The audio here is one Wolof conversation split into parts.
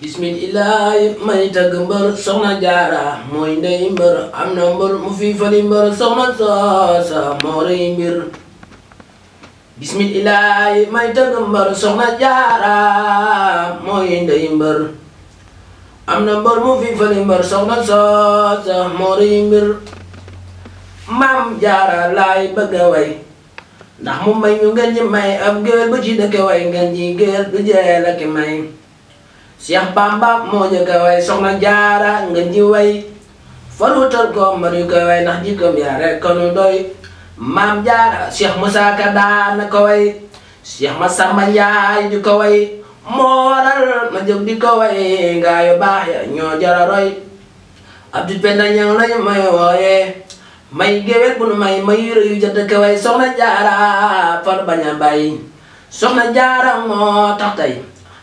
bismillahi may tagg mbër soxna jaara mooy ndey mbër am na mbër mu fi fali mbër soxna soosa moo rëy mbir bismillahi may tagg mbër soxna jaara na mbër mu fi fali mbër soxna soosa moo way ndax mu may ñu may ab géwél bu ci dëkke way ngeen ñi géer du jeel ak may Cheikh Bamba moo ñu ko way jaara nga ñi way faluutal ko mën ñu ko way ndax jikkoom yaa rek kanu doy maam jaara Cheikh Moussa Ka daana ko way Cheikh Massamba Ndiaye di ko way moo waral ma jóg di ko way ngaa yu baax ya ñoo jara roy Penda Ñang lañu may wooye may géwél bu may may yu yu jënd ko way soxna jaara far bañ a bàyyi soxna jaara moo tax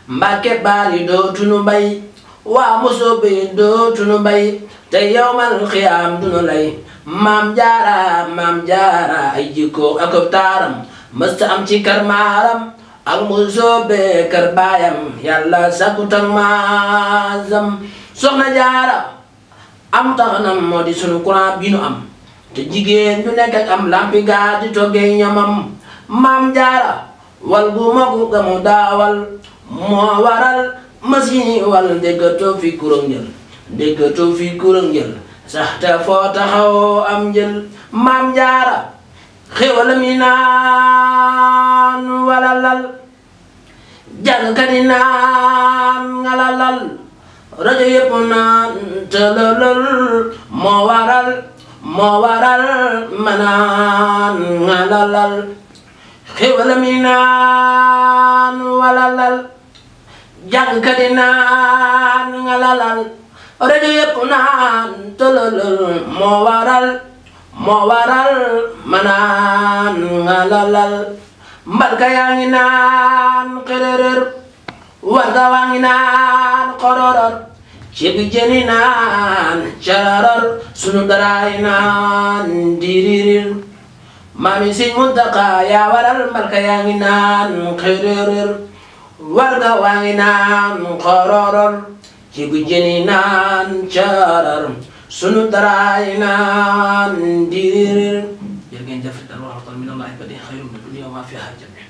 Mbàkke baali dootunu bay waa mosoo bi dootunu bay te yowmal xiyaam dunu lay maam jaara maam jaara ay jikko ak taaram am ci kër maaram ak mosoo be baayam yàlla sakku tak maasam soxna jaara am tax na di sunu courant bi nu am te jigéen ñu nekk am lampi gaar toggee ñamam maam jaara wal gu magu gamu daawal moo waral masi wal déggatoo fi kurang njël déggatoo fi kurang njël sax te foo taxawoo am njël maam jaara xéwalam yi naan wala lal jàngkat yi naan ngalalal rajo yëpp naan tëlëlël moo waral moo waral ma naan ngalalal xéwalam yi naan wala lal jàngkat yi naan nga lalal rajo yëpp moo waral moo waral ma naan mbalka yaa ngi naan xërërër waa ngi naan xororor ceebi cararor sunu daraay diririr maami siñ yaa waral mbalka yaa ngi naan warga waa ngi naan xororor ci gu jëni naan carar sunu daraay naan dirir jërë ngeen jëf dal waxal min allahi badi xayrum dunya wa ma fiha jami